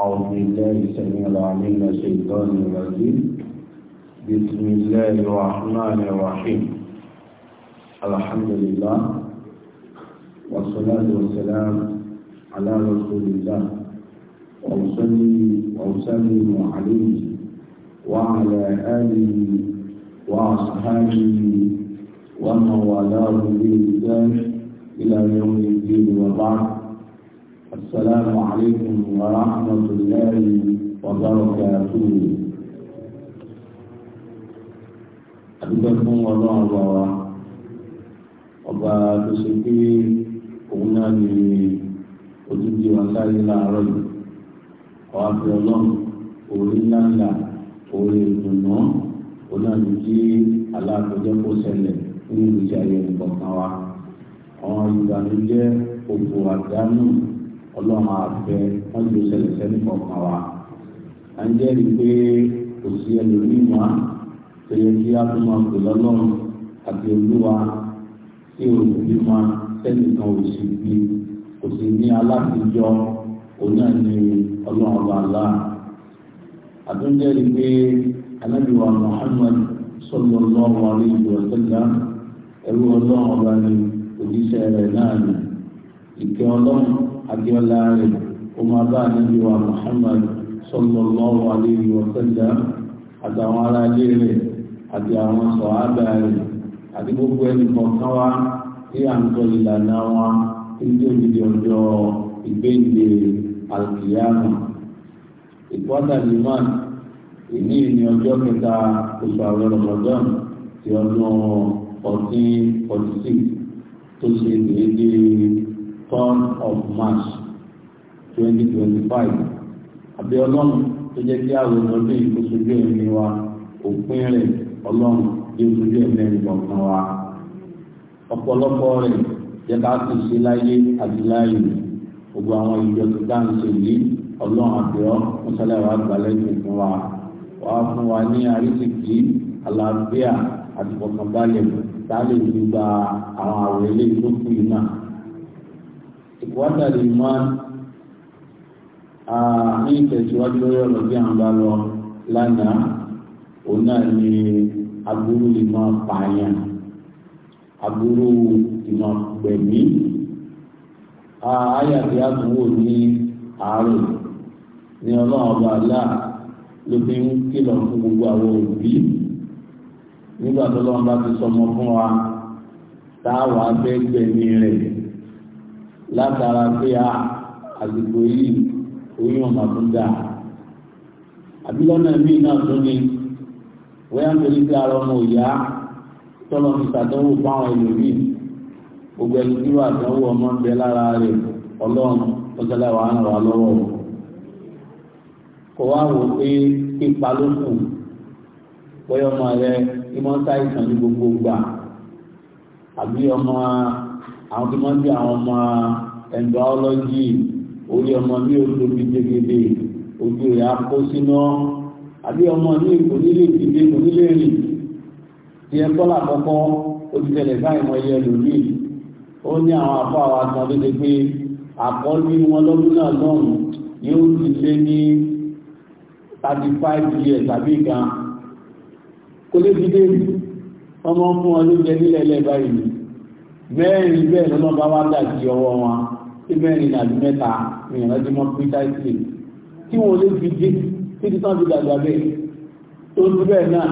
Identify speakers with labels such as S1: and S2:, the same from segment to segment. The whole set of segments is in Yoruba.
S1: أعوذ بالله السميع العليم الشيطان الرجيم بسم الله الرحمن الرحيم الحمد لله والصلاة والسلام على رسول الله وأصلي وأسلم عليه وعلى آله وأصحابه ومن والاه بإحسان إلى يوم الدين السلام عليكم ورحمة الله وبركاته أدبكم الله وبركاته ọba tó ṣe pé òun náà ní ojúdi wa sáyé láàárọ̀ yìí ọba fi ọlọ́run orí ńláńlá orí ìdùnnú òun náà ní kí aláàbòjẹ́ kó ṣẹlẹ̀ nínú ìgbésí ayé nìkan kan wa àwọn ìbànújẹ́ òfò àdánù ọlọ́run àfẹ wọ́n ju sẹlẹ̀sẹ̀ nípa ọ̀kan wa. à ń jẹ́rìí pé kò sí ẹlòmíì wá tó yẹ kí á tún máa pè lọ́lọ́run àti olúwa tí òbí máa sẹ́nìkan ò sí bí kò sí ní aláfijọ́ òun náà ní ọlọ́run ọba àlá. àtúnjẹ́rìí pé anábìwá Muhammad sallallahu alayhi wa sallam ẹrú ọlọ́run ọba ní òjíṣẹ́ rẹ̀ náà ní ìkẹ́ ọlọ́run àdìọ́lá rẹ̀ ó máa bá ànábì wa Muhammad sallallahu alayhi wa sallam àtàwọn ará ilé rẹ̀ àti àwọn sọ̀hábà rẹ̀ àti gbogbo ẹnì kọ̀ọ̀kan wa tí à ń tọ́ ìlànà wa tí ń tó ìdí ọjọ́ ìgbéǹde alkiyama ìpọ́tà liman ìní ní ọjọ́ kẹta oṣù àwọn Ramadan ti ọdún fourteen forty tó ṣe déédéé third of march twenty twenty five àbí ọlọ́run tó jẹ́ kí àwọn ọdún yìí kó sojú ẹ̀mí wa òpin rẹ̀ ọlọ́run yóò sojú ẹ̀mí ẹ̀mí kọ̀ọ̀kan wa ọ̀pọ̀lọpọ̀ rẹ̀ jẹ́ ká sì ṣe láyé àti láàyè gbogbo àwọn ìjọ tó dá ń ṣe yìí ọlọ́run àbíọ́ mọ́sálẹ̀ wa gbà lẹ́yìn fún wa wàá fún wa ní àrísìkí àlàáfíà àti ìfọ̀kànbalẹ̀ tá a lè fi gba àwọn ilé ìlú fún yìí náà wọ́tà lè má ní ìtẹ̀síwájú lórí ọ̀rọ̀ bí à ń bá lọ lánàá òun náà ni aburú lè máa pààyàn aburú ìmọ̀ gbẹ̀mí ah, àyàfi àtúnwò ní àárọ̀ ní ọlọ́run ọba aláà ló fi ń kìlọ̀ fún gbogbo àwọn òbí nígbà tó lọ́n bá ti sọmọ fún wa táwa bẹ́ẹ̀ gbẹ̀mí rẹ̀ látara pé a àsìkò yìí oyún ọmọ tó dáa àbí lọ́nà míì náà tó ní wọ́n yá ń torí pé ara ọmọ òyà tọ́lọ́ fi ṣàdánwò fáwọn ẹlòmíì gbogbo ẹni tí wà dánwò ọmọ ń bẹ lára rẹ̀ ọlọ́run tọ́jọ́lá wàá ràn wá lọ́wọ́ kò wá wò pé pípa ló kù bóyá ọmọ rẹ ìmọ̀ ń sáìsàn ní gbogbo gbà àbí ọmọ àwọn tí wọ́n bí àwọn ọmọ ẹ̀ndọ́ọ́lọ́jì orí ọmọ mi ò tóbi jẹgẹdẹ ojú rẹ̀ akó síná àbí ọmọ mi kò nílé ìdílé kò nílé rìn tí ẹ kọ́ làkọ́kọ́ ó ti tẹ̀lé báyìí wọ́n yẹ lòmíì ó ní àwọn àbọ̀ àwọn àtàn tó ṣe pé àkọ́lé wọn lọ́dún náà lọ́rùn yóò ti lé ní thirty five years tàbí gan kó lè fi dé ọmọ fún ọ jẹ nílẹ̀ ẹlẹ́ báyìí bẹ́ẹ̀ rí bẹ́ẹ̀ lọ́nà bá wá dàjí ọwọ́ wọn tí mẹ́rin nàbí mẹ́ta ìrìnàjò mọ́ pírítáìsì tí wọ́n lè fi dé títí tán fi dàgbà bẹ́ẹ̀ tó ń bẹ́ẹ̀ náà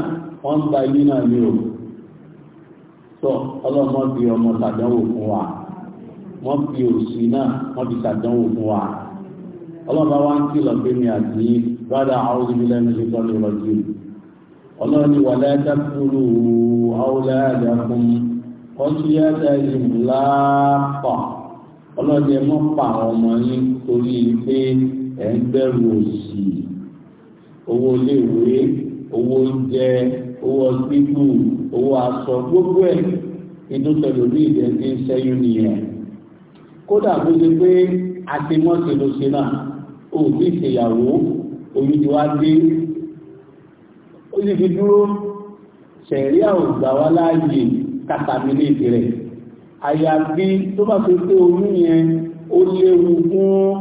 S1: wọ́n ń ba ilé náà ní o sọ ọlọ́mọ fi ọmọ ṣàdánwò fún wa wọ́n fi òsì náà wọ́n fi ṣàdánwò fún wa ọlọ́mọ wa ń kìlọ̀ pé mi àti rádà àwọn ìbílẹ̀ ọtúyàtà ìmùláàpà ọlọ́dẹ mọ́ pa àwọn ọmọ yín torí pé ẹ̀ ń bẹ̀rù òsì owó iléèwé owó oúnjẹ owó ọsibítù owó aṣọ gbogbo ẹ̀ ìdúntẹ̀lò ní ìdẹ́sí sẹ́yìn nìyẹn kódà bó ṣe pé àtìmọ́sí ló ṣe náà ó ti ṣèyàwó oyún ti wá dé ó sì fi dúró ṣẹ̀rí àwògbà wá láàyè kàtàmílẹ̀ rẹ̀ àyàfi tó bá fi pé oyún yẹn ó léwu fún